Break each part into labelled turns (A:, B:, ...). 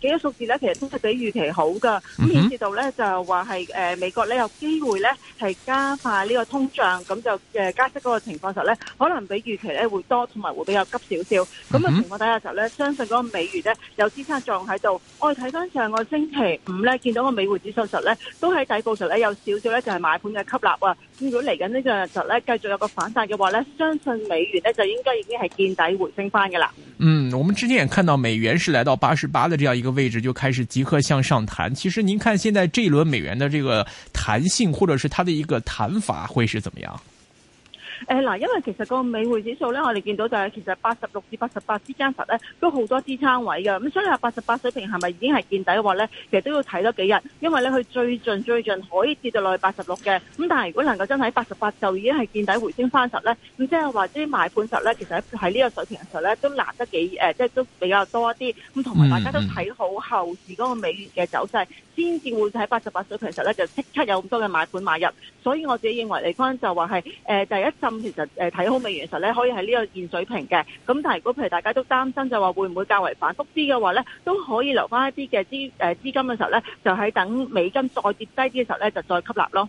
A: 幾個數字咧，其實都係比預期好噶，咁顯示到咧就話係誒美國咧有機會咧係加快呢個通脹，咁就誒加息嗰個情況時候咧，可能比預期咧會多同埋，會比較急少少，咁嘅情況底下時候咧，相信嗰個美元咧有支撐作用喺度。我哋睇翻上個星期五咧，見到個美匯指數實咧都喺底部時咧有少少咧就係買盤嘅吸納啊。如果嚟緊呢個就咧，繼續有個反彈嘅話咧，相信美元咧就應該已經係見底
B: 回升翻嘅啦。嗯，我們之前也看到美元是來到八十八的這樣一個位置就開始即刻向上彈。其實您看現在這一輪美元的這個彈性，或者是它的一個彈法會是怎麼樣？
A: 誒嗱、哎，因為其實個美匯指數咧，我哋見到就係其實八十六至八十八之間實咧都好多支撐位㗎。咁所以話八十八水平係咪已經係見底嘅話咧？其實都要睇多幾日，因為咧佢最近最近可以跌到落去八十六嘅。咁但係如果能夠真係喺八十八就已經係見底回升翻十咧，咁即係話啲買盤十咧，其實喺呢個水平嘅時候咧都難得幾誒、呃，即係都比較多一啲。咁同埋大家都睇好後市嗰個美元嘅走勢，先至、嗯嗯、會喺八十八水平時候咧就即刻有咁多嘅買盤買入。所以我自己認為嚟講就話係誒第一咁其實誒睇好美元嘅時候咧，可以喺呢個現水平嘅。咁但係如果譬如大家都擔心就話會唔會較為反覆啲嘅話咧，都可以留翻一啲嘅資誒資金嘅時候咧，就喺等美金再跌低啲嘅時候咧，就再吸納咯。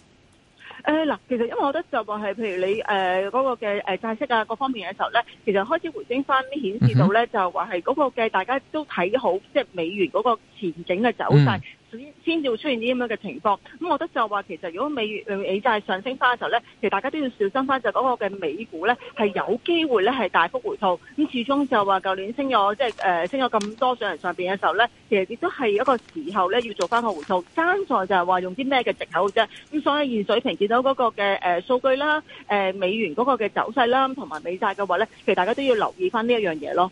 A: 誒，嗱、呃，其實因為我覺得就話係，譬如你誒嗰、呃那個嘅誒債息啊各方面嘅時候咧，其實開始回升翻，顯示到咧就話係嗰個嘅大家都睇好，即、就、係、是、美元嗰個前景嘅走勢。嗯先至會出現啲咁樣嘅情況，咁我覺得就話其實如果美美債上升翻嘅時候咧，其實大家都要小心翻，就嗰個嘅美股咧係有機會咧係大幅回吐。咁始終就話舊年升咗即係誒升咗咁多上嚟上邊嘅時候咧，其實亦都係一個時候咧要做翻個回吐。爭在就係話用啲咩嘅藉口啫。咁所以現水平見到嗰個嘅誒數據啦、誒、呃、美元嗰個嘅走勢啦，同埋美債嘅話咧，其實大家都要留意翻呢一樣嘢咯。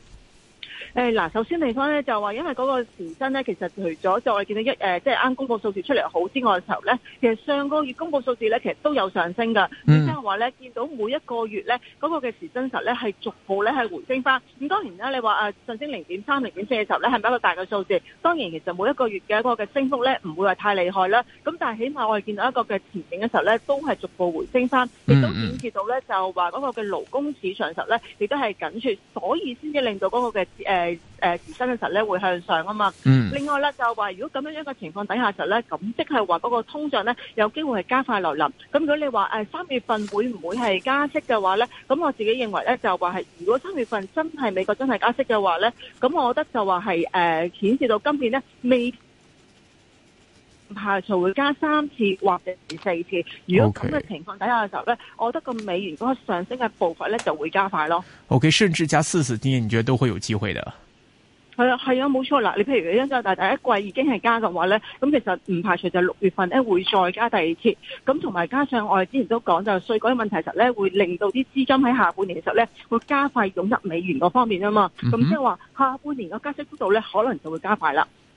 A: 誒，嗱，首先地方咧，就話因為嗰個時薪咧，其實除咗就我哋見到一誒，即係啱公布數字出嚟好之外嘅時候咧，其實上個月公布數字咧，其實都有上升噶。即係話咧，見到每一個月咧，嗰個嘅時薪實咧係逐步咧係回升翻。咁當然啦，你話誒上升零點三、零點四嘅時候咧，係咪一個大嘅數字？當然，其實每一個月嘅一個嘅升幅咧，唔會話太厲害啦。咁但係起碼我哋見到一個嘅前景嘅時候咧，都係逐步回升翻，亦都顯示到咧就話嗰個嘅勞工市場實咧亦都係緊缺，所以先至令到嗰個嘅誒。呃誒誒，而新嘅實咧會向上啊嘛。另外咧就話，如果咁樣一個情況底下實咧，咁即係話嗰個通脹咧有機會係加快來臨。咁如果你話誒三月份會唔會係加息嘅話咧，咁我自己認為咧就話係，如果三月份真係美國真係加息嘅話咧，咁我覺得就話係誒顯示到今年咧未。唔排除會加三次或者四次。如果咁嘅情況底下嘅時候咧，Okay. 我覺得個美元嗰個上升嘅步伐咧就會加快咯。
B: OK，甚至加四次，呢啲你覺得都會有機會
A: 嘅。係啊，係啊，冇錯啦。你譬如而家就大第一季已經係加嘅話咧，咁其實唔排除就六月份咧會再加第二次。咁同埋加上我哋之前都講就稅改問題，其實咧會令到啲資金喺下半年嘅時候咧會加快湧入美元嗰方面啊嘛。咁、mm hmm. 即係話下半年嘅加息幅度咧可能就會加快啦。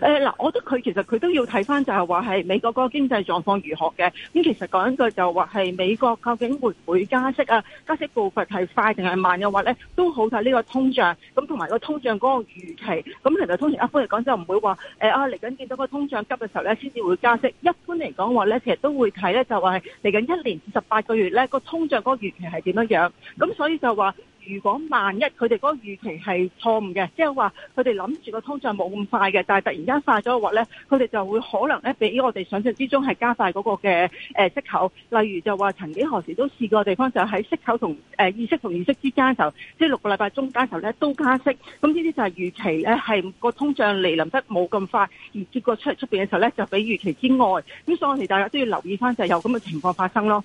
A: 誒嗱、嗯，我覺得佢其實佢都要睇翻就係話係美國嗰個經濟狀況如何嘅。咁、嗯、其實講一句就話係美國究竟會唔會加息啊？加息步伐係快定係慢嘅話咧，都好睇呢個通脹。咁同埋個通脹嗰個預期。咁、嗯、其實通常一般嚟講就唔會話誒、欸、啊嚟緊見到個通脹急嘅時候咧，先至會加息。一般嚟講話咧，其實都會睇咧就係嚟緊一年十八個月咧、嗰個通脹嗰個預期係點樣樣。咁、嗯、所以就話。如果萬一佢哋嗰個預期係錯誤嘅，即係話佢哋諗住個通脹冇咁快嘅，但係突然間快咗嘅話咧，佢哋就會可能咧俾我哋想象之中係加快嗰個嘅誒息口，例如就話曾幾何時都試過的地方就喺息口同誒議息同議息之間嘅時候，即係六個禮拜中間嘅時候咧都加息，咁呢啲就係預期咧係個通脹嚟臨得冇咁快，而結果出嚟出邊嘅時候咧就比預期之外，咁所以我哋大家都要留意翻就係有咁嘅情況發生咯。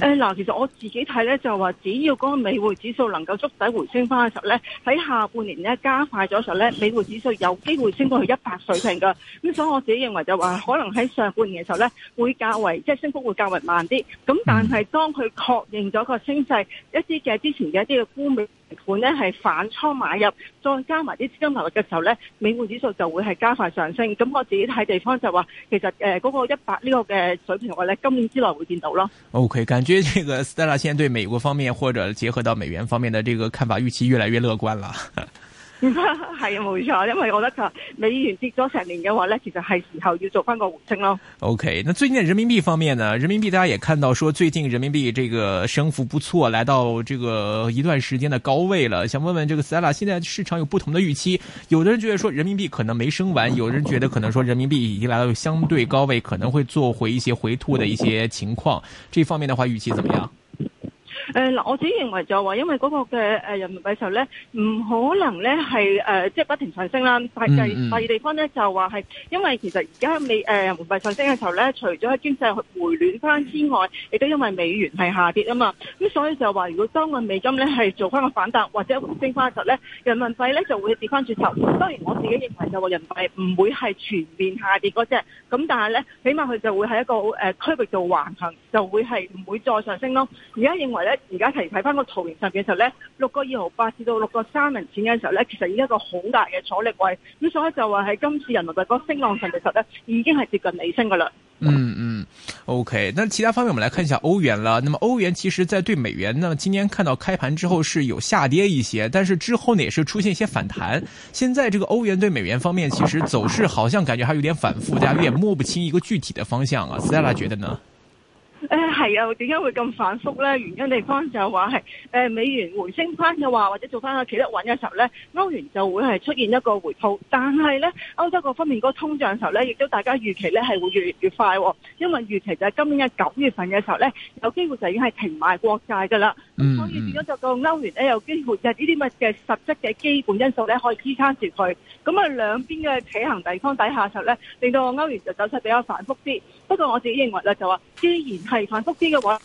A: 誒，嗱、哎，其實我自己睇咧就係話，只要嗰個美匯指數能夠觸底回升翻嘅時候咧，喺下半年咧加快咗時候咧，美匯指數有機會升到去一百水平噶。咁所以我自己認為就話，可能喺上半年嘅時候咧，會較為即係升幅會較為慢啲。咁但係當佢確認咗個升勢，一啲嘅之前嘅一啲嘅沽美。本呢係反倉買入，再加埋啲資金流入嘅時候呢，美匯指數就會係加快上升。咁我自己睇地方就話，其實誒嗰個一百呢個嘅水平我咧，今年之內會見到咯。
B: OK，感覺這個 Stella 先對美國方面或者結合到美元方面的這個看法預期越來越樂觀啦。
A: 係冇 錯，因為我覺得佢美元跌咗成年嘅話呢，其實係時候要做
B: 翻個回升咯。OK，那最近人民幣方面呢？人民幣大家也看到說最近人民幣這個升幅不錯，來到這個一段時間的高位了。想問問這個 Sara 現在市場有不同的預期，有的人覺得說人民幣可能沒升完，有的人覺得可能說人民幣已經來到相對高位，可能會做回一些回吐的一些情況。這方面的話，預期怎麼樣？
A: 誒嗱，我自己認為就話，因為嗰個嘅誒人民幣嘅時候咧，唔可能咧係誒即係不停上升啦。但第二第二地方咧就話係，因為其實而家美誒人民幣上升嘅時候咧，除咗係經濟回暖翻之外，亦都因為美元係下跌啊嘛。咁所以就話，如果當個美金咧係做翻個反彈或者回升翻嘅時候咧，人民幣咧就會跌翻轉頭。當然我自己認為就話人民幣唔會係全面下跌嗰隻，咁但係咧，起碼佢就會喺一個誒區域度橫行，就會係唔會再上升咯。而家認為咧。而家睇睇翻個圖形上邊嘅時候咧，六個二毫八至到六個三毫錢嘅時候咧，其實已經一個好大嘅阻力位。咁所以就話喺今次人民幣個升浪上邊實咧，已經係接近尾聲噶啦、
B: 嗯。嗯嗯，OK。那其他方面，我們來看一下歐元啦。那麼歐元其實，在對美元，呢，今天看到開盤之後是有下跌一些，但是之後呢，也是出現一些反彈。現在這個歐元對美元方面，其實走勢好像感覺還有點反覆，大家有點摸不清一個具體的方向啊。Stella 覺得呢？
A: 誒，係啊、哎，點解會咁反覆咧？原因地方就係話係誒，美元回升翻嘅話，或者做翻個企得穩嘅時候咧，歐元就會係出現一個回吐。但係咧，歐洲各方面嗰個通脹嘅時候咧，亦都大家預期咧係會越嚟越快、哦，因為預期就係今年嘅九月份嘅時候咧，有機會就已經係停買國債噶啦。所以變咗就個歐元咧，有幾乎即係呢啲咁嘅實質嘅基本因素咧，可以支撐住佢。咁啊，兩邊嘅企行地方底下實咧，令到個歐元就走勢比較反覆啲。不過我自己認為咧，就話既然係反覆啲嘅話，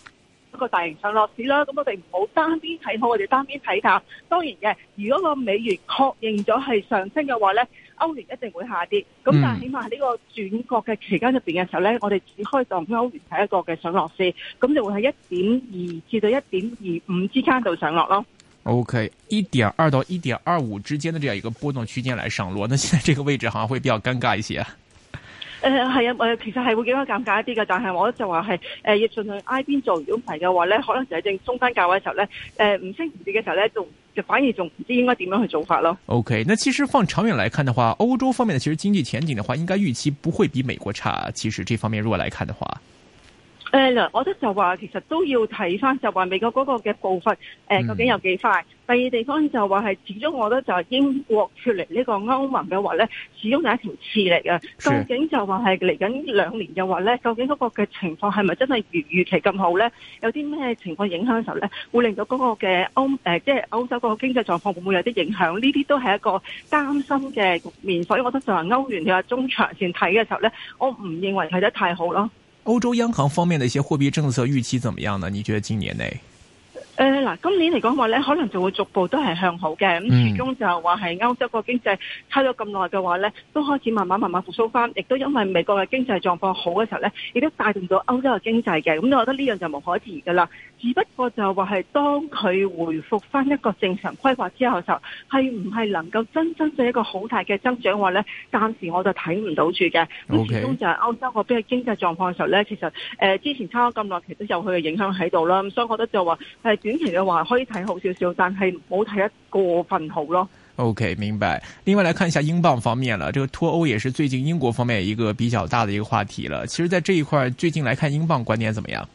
A: 一個大型上落市啦。咁我哋唔好單邊睇好，我哋單邊睇淡。當然嘅，如果個美元確認咗係上升嘅話咧。歐元一定會下跌，咁但係起碼喺呢個轉角嘅期間入邊嘅時候咧，我哋只開檔歐元係一個嘅上落市，咁就會喺一點二至到一點二五之間度
B: 上落咯。1> OK，一點二到一點二五之間的這樣一個波動區間來上落，那現在這個位置好像會比較尷尬一些啊。
A: 誒，係啊、呃，誒、呃，其實係會比較尷尬一啲噶但係我就話係、呃、要盡量挨邊做的話係，誒，盡量挨邊做，如果唔係嘅話咧，可能就喺正中間價位嘅時候咧，誒、呃，唔升唔跌嘅時候咧，仲就反而仲唔知應該點樣去做法咯。
B: OK，那其實放長遠來看嘅話，歐洲方面嘅其實經濟前景嘅話，應該預期不會比美國差。其實這方面如果來看嘅話。
A: 誒，嗱、呃，我覺得就話其實都要睇翻，就話美國嗰個嘅步伐，究竟有幾快？嗯、第二地方就話係始終，我覺得就係英國出嚟呢個歐盟嘅話咧，始終係一條刺嚟嘅。究竟就話係嚟緊兩年嘅話咧，究竟嗰個嘅情況係咪真係如預期咁好咧？有啲咩情況影響嘅時候咧，會令到嗰個嘅歐誒，即係歐洲個經濟狀況會唔會有啲影響？呢啲都係一個擔心嘅局面，所以我覺得就話歐元嘅中長線睇嘅時候咧，我唔認為係得太好咯。
B: 歐洲央行方面的一些貨幣政策預期怎麼樣呢？你覺得今年內？
A: 誒，嗱，今年嚟講話咧，可能就會逐步都係向好嘅。咁始、嗯、終就話係歐洲個經濟差咗咁耐嘅話咧，都開始慢慢慢慢復蘇翻，亦都因為美國嘅經濟狀況好嘅時候咧，亦都帶動咗歐洲嘅經濟嘅。咁我覺得呢樣就無可置疑噶啦。只不過就話係當佢回復翻一個正常規劃之後就係唔係能夠真真正一個好大嘅增長話呢，暫時我看不就睇唔到住嘅。咁始終就係歐洲嗰邊嘅經濟狀況嘅時候呢，其實誒、呃、之前差咗咁耐，其實都有佢嘅影響喺度啦。咁所以我覺得就話誒、呃、短期嘅話可以睇好少少，但係冇睇得過分好咯。
B: OK，明白。另外來看一下英鎊方面啦，這個脱歐也是最近英國方面一個比較大的一個話題啦。其實，在這一塊最近來看，英鎊觀點怎麼樣？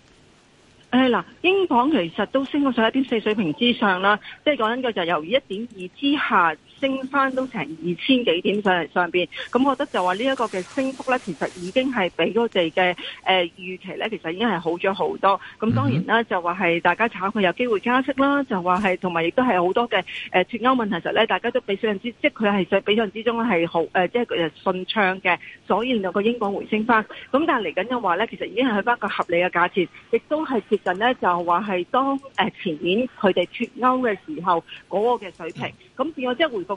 A: 誒，嗱、哎，英鎊其實都升咗上一點四水平之上啦，即係講緊嘅就，是、就由一點二之下。升翻都成二千幾點上邊，咁我覺得就話呢一個嘅升幅呢，其實已經係比我哋嘅預期呢，其實已經係好咗好多。咁當然啦，就話係大家炒佢有機會加息啦，就話係同埋亦都係好多嘅誒、呃、脱歐問題，實呢，大家都比上知，即係佢係比上之中係好、呃、即係佢係順暢嘅。所以令到個英鎊回升返。咁但係嚟緊嘅話呢，其實已經係去翻個合理嘅價錢，亦都係接近呢，就話係當前面佢哋脱歐嘅時候嗰、那個嘅水平。嗯。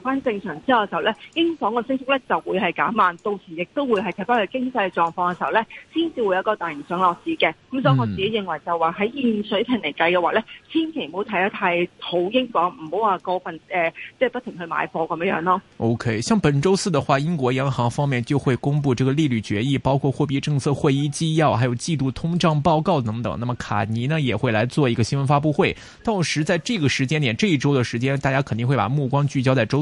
A: 回歸正常之後嘅時候咧，英鎊嘅升幅咧就會係減慢，到時亦都會係睇返佢經濟狀況嘅時候咧，先至會有個大型上落市嘅。咁所以我自己認為就話喺現水平嚟計嘅話咧，千祈唔好睇得太好英鎊，唔好話過分誒，即係不停去買貨咁樣樣咯。
B: OK，像本周四嘅話，英國央行方面就會公布這個利率決議，包括貨幣政策會議紀要，還有季度通脹報告等等。那麼卡尼呢也會來做一個新聞發布會。到時在這個時間點，這一週嘅時間，大家肯定會把目光聚焦在周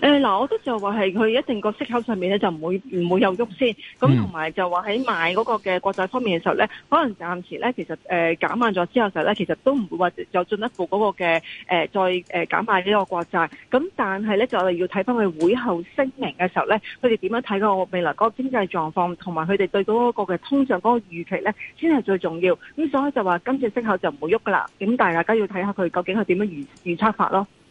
A: 呃、嗱、我都就話係佢一定個息口上面咧就唔會唔會有喐先，咁同埋就話喺買嗰個嘅國債方面嘅時候呢，可能暫時呢，其實誒呃、減慢咗之後時候咧，其實都唔會話有進一步嗰個嘅、呃、再誒減慢呢個國債，咁但係呢，就係要睇返佢會後聲明嘅時候呢，佢哋點樣睇個未來嗰個經濟狀況，同埋佢哋對嗰個嘅通脹嗰個預期呢，先係最重要。咁所以就話今次息口就唔會喐噶啦，咁但係大家要睇下佢究竟係
B: 點樣預預測法咯。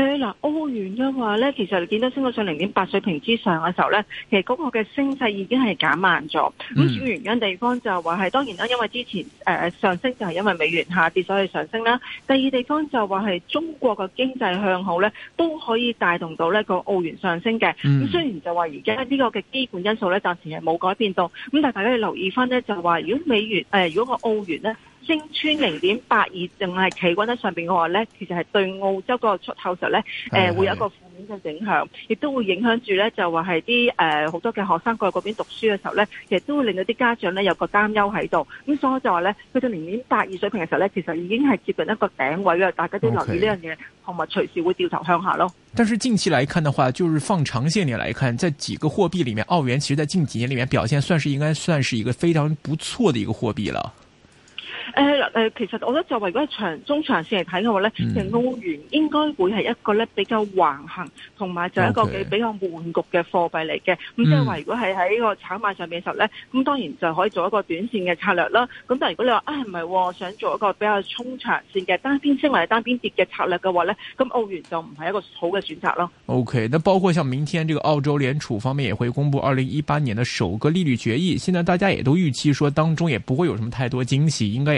A: 誒、嗱、欸，澳元嘅話咧，其實你見到升到上零點八水平之上嘅時候咧，其實嗰個嘅升勢已經係減慢咗。咁、嗯、主要原因的地方就話係，當然啦，因為之前誒、呃、上升就係因為美元下跌所以上升啦。第二地方就話係中國嘅經濟向好咧，都可以帶動到呢個澳元上升嘅。咁、嗯、雖然就話而家呢個嘅基本因素咧暫時係冇改變到，咁但係大家要留意翻咧，就係話如果美元誒、呃、如果個澳元咧。升穿零點八二，仲係企穩喺上邊嘅話咧，其實係對澳洲個出口時候咧，誒、呃、會有一個負面嘅影響，亦都會影響住咧就話係啲誒好多嘅學生過嗰邊讀書嘅時候咧，其實都會令到啲家長咧有個擔憂喺度。咁所以就話咧，去到零點八二水平嘅時候咧，其實已經係接近一個頂位嘅。大家都留意呢樣嘢，同埋隨時會掉頭向下咯。
B: 但是近期來看嘅話，就是放長線嚟看，在幾個貨幣裏面，澳元其實在近幾年裏面表現，算是應該算是一個非常不錯嘅一個貨幣啦。
A: 誒誒，其實我覺得，作為如果長中長線嚟睇嘅話咧，嘅澳元應該會係一個咧比較橫行，同埋就係一個嘅比較悶局嘅貨幣嚟嘅。咁即係話，如果係喺呢個炒賣上面嘅時候咧，咁當然就可以做一個短線嘅策略啦。咁但係如果你話啊唔係，想做一個比較衝長線嘅單邊升或者單邊跌嘅策略嘅話咧，咁澳元就唔係一個好嘅選擇咯。
B: OK，那、嗯嗯、包括像明天呢個澳洲聯儲方面也會公布二零一八年嘅首個利率決議，現在大家也都預期說當中也不會有什麼太多驚喜，應該。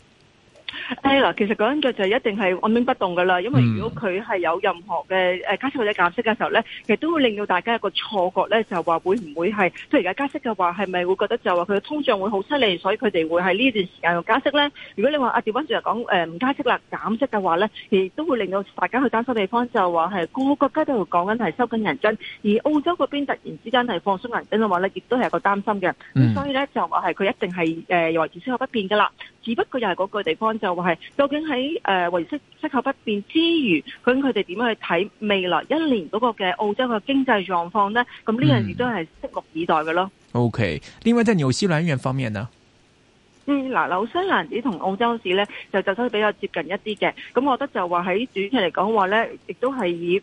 A: 啦，嗯、其實講緊就一定係按兵不動㗎啦，因為如果佢係有任何嘅加息或者減息嘅時候咧，其實都會令到大家有一個錯覺咧，就話會唔會係突然間加息嘅話，係咪會覺得就話佢嘅通脹會好犀利，所以佢哋會喺呢段時間用加息咧？如果你話阿調轉頭又講誒唔加息啦減息嘅話咧，亦都會令到大家去擔心地方就話係個個國家都度講緊係收緊銀根，而澳洲嗰邊突然之間係放鬆銀根嘅話咧，亦都係一個擔心嘅。咁所以咧就話係佢一定係誒維持恆恆不變嘅啦。只不過又係嗰個地方就話係，究竟喺誒，維息息口不變之餘，咁佢哋點樣去睇未來一年嗰個嘅澳洲嘅經濟狀況呢？咁呢樣亦都係拭目以待嘅咯。
B: OK，另外在紐西蘭元方面呢？
A: 嗯，嗱，紐西蘭紙同澳洲紙呢，就就相對比較接近一啲嘅，咁我覺得就話喺短期嚟講話呢，亦都係以。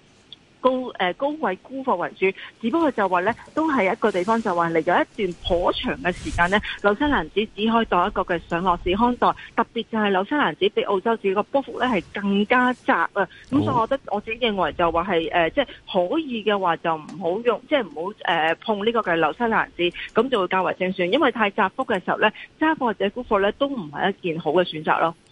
A: 都誒高、呃、高位沽貨為主，只不過就話咧，都係一個地方就話嚟咗一段頗長嘅時間咧，紐西蘭紙只可以當一個嘅上落市看待，特別就係紐西蘭紙比澳洲紙嘅波幅咧係更加窄啊！咁、哦、所以我覺得我自己認為就話係誒，即、呃、係、即係、可以嘅話就唔好用，即係唔好誒碰呢個嘅紐西蘭紙，咁就會較為精算，因為太窄幅嘅時候咧，揸貨或者沽貨咧都唔係一件好嘅選擇咯。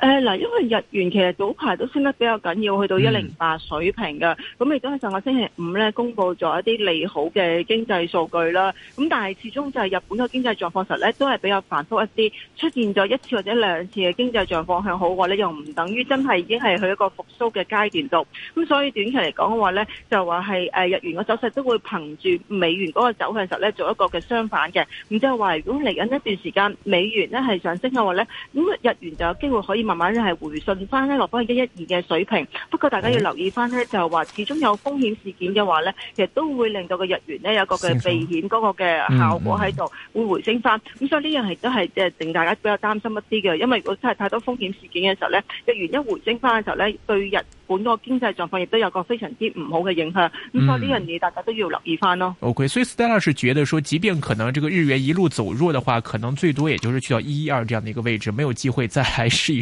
A: 誒嗱、嗯，因為日元其實早排都升得比較緊要，去到一零八水平嘅。咁亦都喺上個星期五咧，公佈咗一啲利好嘅經濟數據啦。咁但係始終就係日本嘅經濟狀況實咧，都係比較繁複一啲，出現咗一次或者兩次嘅經濟狀況向好嘅話咧，又唔等於真係已經係去一個復甦嘅階段度。咁所以短期嚟講嘅話咧，就話係誒日元嘅走勢都會憑住美元嗰個走勢實咧，做一個嘅相反嘅。咁即係話，如果嚟緊一段時間美元咧係上升嘅話咧，咁日元就有機會可以可以慢慢咧係回順翻咧落翻去一一二嘅水平。不過大家要留意翻咧，就係話始終有風險事件嘅話咧，其實都會令到個日元咧有個嘅避險嗰個嘅效果喺度，會回升翻。咁、嗯、所以呢樣係都係即係令大家比較擔心一啲嘅，因為如果真係太多風險事件嘅時候咧，日元一回升翻嘅時候咧，對日本嗰個經濟狀況亦都有個非常之唔好嘅影響。
B: 咁、嗯、所以呢樣
A: 嘢大家都要留意翻咯。
B: OK，所以 Stella 是覺得說，即便可能這個日元一路走弱嘅話，可能最多也就是去到一一二這樣的一個位置，沒有機會再係試。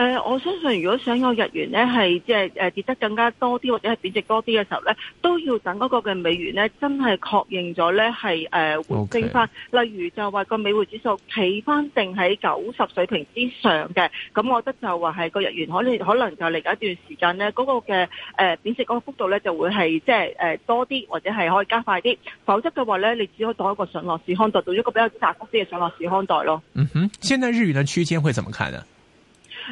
A: 誒、呃，我相信如果想個日元咧係即係跌得更加多啲，或者係貶值多啲嘅時候咧，都要等嗰個嘅美元咧真係確認咗咧係誒回升翻。Okay. 例如就話個美匯指數企翻定喺九十水平之上嘅，咁我覺得就話係個日元可能可能就嚟緊一段時間咧嗰個嘅誒貶值嗰個幅度咧就會係即係誒多啲，或者係可以加快啲。否則嘅話咧，你只可以做一個上落市看待，做一個比較大幅啲嘅上落市看待咯。嗯
B: 哼，現在日元嘅區間會怎麼看呢？嗯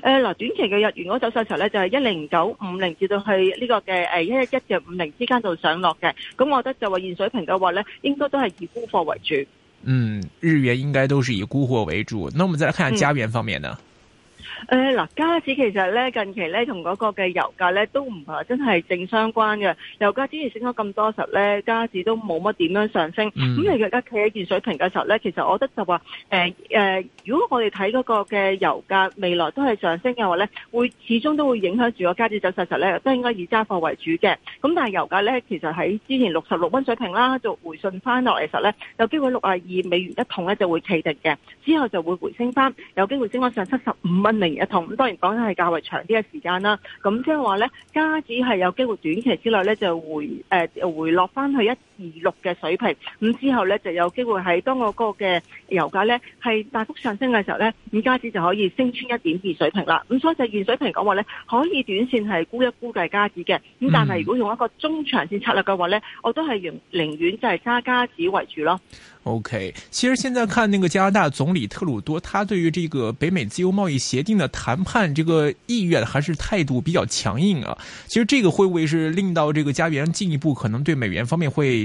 A: 誒，嗱、呃，短期嘅日元嗰走勢時候咧，就係一零九五零至到去呢個嘅誒一一一嘅五零之間度上落嘅，咁我覺得就話現水平嘅話咧，應該都係以沽貨為主。嗯，
B: 日元應該都係以沽貨為主。那我們再來看下加元方面呢？嗯
A: 誒，嗱、哎，加紙其實咧，近期咧同嗰個嘅油價咧都唔係、啊、真係正相關嘅。油價之前升咗咁多實咧，加紙都冇乜點樣上升。咁、嗯、而家企喺呢水平嘅時候咧，其實我覺得就話、是，誒、呃、誒、呃，如果我哋睇嗰個嘅油價未來都係上升嘅話咧，會始終都會影響住個加紙走勢實咧，都應該以揸貨為主嘅。咁但係油價咧，其實喺之前六十六蚊水平啦，就回順翻落嚟實咧，有機會六十二美元一桶咧就會企定嘅，之後就會回升翻，有機會升翻上七十五蚊零。一同咁，當然講緊係較為長啲嘅時間啦。咁即係話咧，家子係有機會短期之內咧，就回誒、呃、回落翻去一二六嘅水平，咁之後呢就有機會喺當我個嘅油價呢係大幅上升嘅時候呢，五加紙就可以升穿一點二水平啦。咁所以就現水平講話呢，可以短線係估一估嘅加紙嘅，咁但係如果用一個中長線策略嘅話呢，我都係寧寧願即係揸加紙為主咯。
B: OK，其實現在看那個加拿大總理特魯多，他對於這個北美自由貿易協定嘅談判，這個意願還是態度比較強硬啊。其實這個會不會是令到這個加元進一步可能對美元方面會？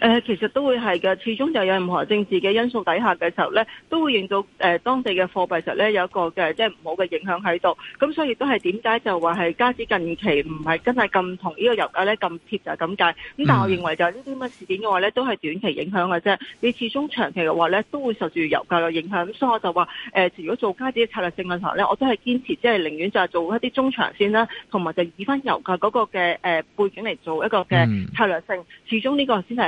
A: 誒、呃，其實都會係嘅，始終就有任何政治嘅因素底下嘅時候咧，都會令到誒、呃、當地嘅貨幣實咧有一個嘅，即係唔好嘅影響喺度。咁所以都係點解就話係加紙近期唔係真係咁同呢個油價咧咁貼就咁解。咁但係我認為就呢啲咁嘅事件嘅話咧，都係短期影響嘅啫。你始終長期嘅話咧，都會受住油價嘅影響。咁所以我就話，誒、呃，如果做加紙嘅策略性問題咧，我都係堅持即係、就是、寧願就係做一啲中長線啦，同埋就以翻油價嗰個嘅誒、呃、背景嚟做一個嘅策略性。嗯、始終呢個先係。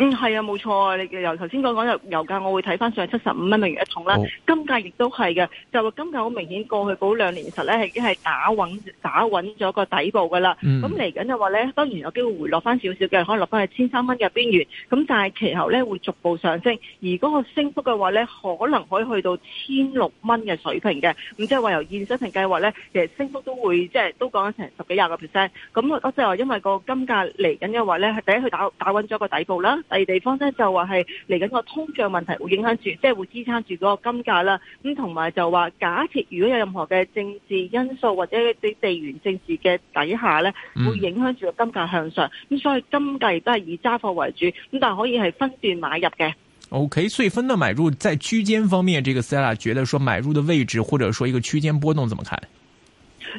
A: 嗯，係啊，冇錯啊！你由頭先講講油油價，我會睇翻上七十五蚊美元一桶啦。哦、金價亦都係嘅，就係話金價好明顯過去嗰兩年實咧已經係打穩打穩咗個底部噶啦。咁嚟緊嘅話咧，當然有機會回落翻少少嘅，可能落翻去千三蚊嘅邊緣。咁但係其後咧會逐步上升，而嗰個升幅嘅話咧，可能可以去到千六蚊嘅水平嘅。咁即係話由現水平計劃咧，其實升幅都會即係都講咗成十幾廿個 percent。咁我即係話因為個金價嚟緊嘅話咧，係第一去打打穩咗個底部啦。第二地方咧就話係嚟緊個通脹問題會影響住，即係會支撐住嗰個金價啦。咁同埋就話，假設如果有任何嘅政治因素或者一啲地緣政治嘅底下咧，會影響住個金價向上。咁所以金價亦都係以揸貨為主，咁但係可以係分段買入嘅。
B: OK，所以分段買入，在區間方面，這個 Sarah 覺得說買入的位置，或者說一個區間波動，怎麼看？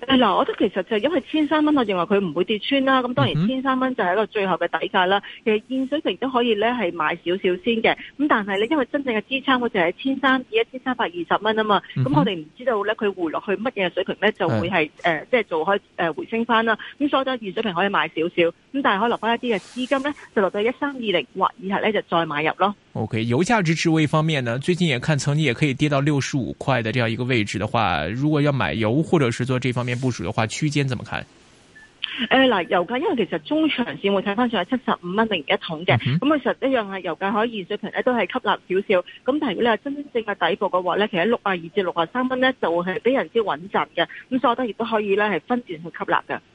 A: 係啦，我覺得其實就係因為千三蚊，我認為佢唔會跌穿啦。咁當然千三蚊就係一個最後嘅底價啦。其實現水平都可以咧係買少少先嘅。咁但係咧，因為真正嘅支撐好似係千三至一千三百二十蚊啊嘛。咁、嗯、哼我哋唔知道咧佢回落去乜嘢水平咧、哎呃，就會係誒即係做開誒回升翻啦。咁所以都現水平可以買少少。咁但係可以留翻一啲嘅資金咧，就留到一三二零或以下咧就再買入咯。
B: O、okay, K，油價支持位方面呢，最近也看曾經也可以跌到六十五塊嘅。這樣一個位置的話，如果要買油或者是做這方面。部署的話，區間怎麼看？
A: 誒嗱、呃呃，油價因為其實中長線會睇翻上去七十五蚊零一桶嘅，咁其、嗯哼嗯、實一樣係油價可以水平咧都係吸納少少，咁但係咧，如果你係真正嘅底部嘅話咧，其實六啊二至六啊三蚊咧就會係非常之穩陣嘅，咁所以我覺得亦都可以咧係分段去吸納嘅。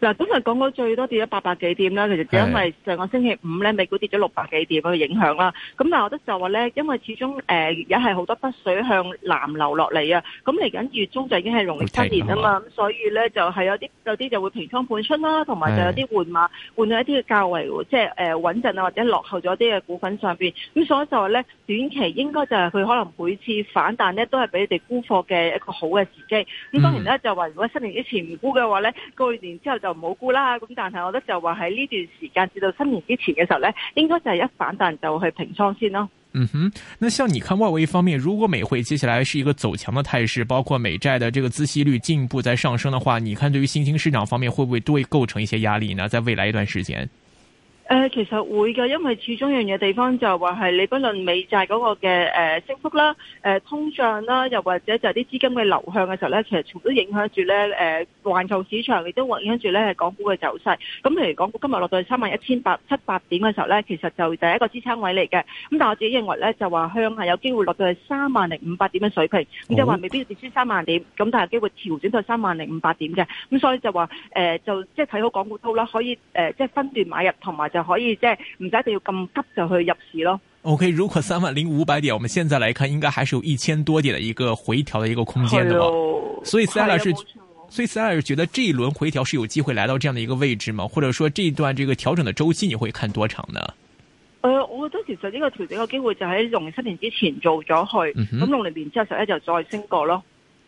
A: 嗱，今日港股最多跌咗八百幾點啦，其實就因為上個星期五咧，美股跌咗六百幾點嘅影響啦。咁但係我覺得就話咧，因為始終誒而家係好多北水向南流落嚟啊，咁嚟緊月中就已經係農曆新年啊嘛，咁 Okay, okay. 所以咧就係有啲有啲就會平倉換春啦，同埋就有啲換馬換到一啲較為即係誒穩陣啊，或者落後咗啲嘅股份上邊。咁所以就話咧，短期應該就係佢可能每次反彈咧，都係俾你哋沽貨嘅一個好嘅時機。咁當然咧就話如果新年之前唔沽嘅話咧，過年之後。就唔好估啦，咁但係我覺得就話喺呢段時間至到新年之前嘅時候咧，應該就係一反彈就去平倉先咯。
B: 嗯哼，那像你看，外圍方面如果美匯接下來是一個走強的態勢，包括美債的這個孳息率進一步在上升的話，你看對於新興市場方面，會不會都會構成一些壓力呢？在未來一段時間？
A: 誒、呃、其實會嘅，因為始終一樣嘢地方就係話係你不論，不論美債嗰個嘅誒升幅啦、誒、呃、通脹啦，又或者就係啲資金嘅流向嘅時候咧，其實全部都影響住咧誒環球市場，亦都影響住咧港股嘅走勢。咁、嗯、譬如港股今日落到去三萬一千八百七十點嘅時候咧，其實就第一個支撐位嚟嘅。咁但係我自己認為咧，就話向下有機會落到去三萬零五百點嘅水平，咁、哦、即係話未必要跌穿三萬點，咁但係機會調整到三萬零五百點嘅。咁、嗯、所以就話誒、呃，就即係睇好港股通啦，可以誒、呃、即係分段買入同埋。就可以即係唔使一定要咁急就去入市咯。
B: O、okay, K，如果三萬零五百點，我們現在來看，應該還是有一千多點嘅一個回調嘅一個空間咯。對哦、所以 Sara 也是，啊、所以 Sara 也是覺得這一輪回調是有機會來到這樣的一個位置嘛？或者說這一段這個調整的周期，你會看多長呢？誒、
A: 呃，我覺得其實呢個調整嘅機會就喺農曆新年之前做咗去，咁農曆年之後十一就再升過咯。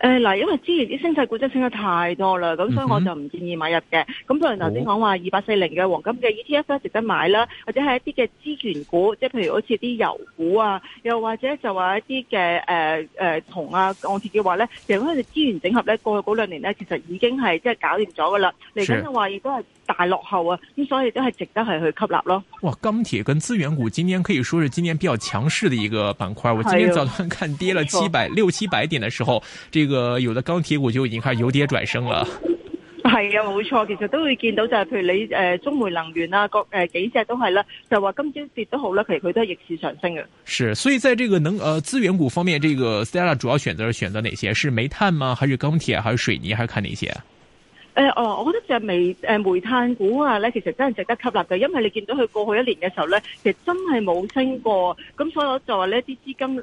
A: 誒嗱，因為之前啲升勢股真升得太多啦，咁、嗯、哼所以我就唔建議買入嘅。咁當然頭先講話二八四零嘅黃金嘅 ETF 值得買啦，哦、或者係一啲嘅資源股，即係譬如好似啲油股啊，又或者就話一啲嘅誒誒銅啊，我自己話咧，其實佢哋資源整合咧過去嗰兩年咧，其實已經係即係搞掂咗噶啦。嚟緊嘅話亦都係大落後啊，咁是所以都係值得係去吸納咯。
B: 哇，鋼鐵跟資源股今年可以說是今年比較強勢的一個板塊。我今天早段看跌了七百、嗯、六七百點嘅時候。這個有的鋼鐵股就已經開始由跌轉升啦，
A: 是，係啊，冇錯，其實都會見到就係、是、譬如你誒中煤能源啊，各誒、呃、幾隻都係啦，就話今朝跌都好啦，其實佢都係逆市上升嘅。
B: 是，所以在這個能呃資源股方面，這個 Stella 主要選擇是選擇哪些？是煤炭嗎？還是鋼鐵？還是水泥？還是看哪些？
A: 誒，哦、哎，我覺得隻煤誒煤炭股啊咧，其實真係值得吸納嘅，因為你見到佢過去一年嘅時候咧，其實真係冇升過，咁所以我就話呢啲資金誒誒、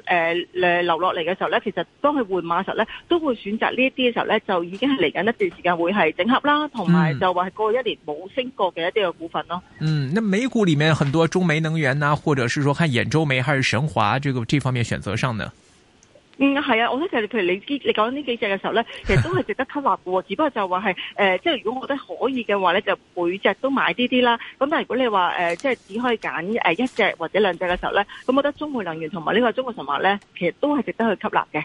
A: 呃、流落嚟嘅時候咧，其實當佢換馬嘅時候咧，都會選擇呢一啲嘅時候咧，就已經係嚟緊一段時間會係整合啦，同埋就話係過去一年冇升過嘅一啲嘅股份咯。嗯，
B: 那煤股裏面很多中煤能源啊，或者是說看兗州煤還是神華，這個這方面選擇上呢？
A: 嗯，係啊，我咧就係，譬如你啲，你講呢幾隻嘅時候咧，其實都係值得吸納嘅，只不過就話、是、係，誒、呃，即係如果我覺得可以嘅話咧，就每隻都買啲啲啦。咁但係如果你話誒、呃，即係只可以揀誒一隻或者兩隻嘅時候咧，咁我覺得中煤能源同埋呢個中國神華咧，其實都係值得去吸納嘅。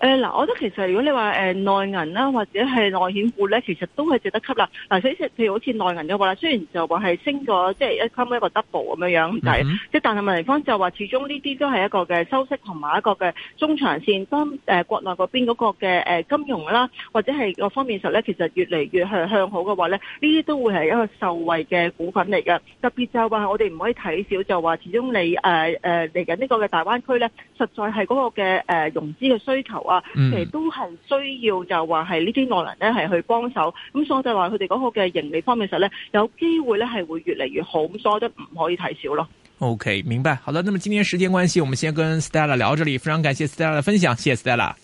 A: 誒嗱、呃，我覺得其實如果你話誒內銀啦，或者係內險股咧，其實都係值得吸啦。嗱，譬如譬如好似內銀嘅話啦，雖然就話係升咗，即係一差唔多一個 double 咁樣、嗯、哼但係即係但係問題方就話，始終呢啲都係一個嘅收息同埋一個嘅中長線。當、呃、國內嗰邊嗰個嘅、呃、金融啦，或者係各方面實咧，其實越嚟越向向好嘅話咧，呢啲都會係一個受惠嘅股份嚟嘅。特別就話我哋唔可以睇少，就話始終你誒誒嚟緊呢個嘅大灣區咧，實在係嗰個嘅、呃、融資嘅需求，啊。嗯、其實都係需要就話係呢啲外人咧，係去幫手。咁所以就話佢哋嗰個嘅盈利方面實咧，有機會咧係會越嚟越好。咁所以我覺得唔可以睇少咯。
B: OK，明白。好啦，那麼今天時間關係，我們先跟 Stella 聊聊這裏。非常感謝 Stella 嘅分享，謝謝 Stella。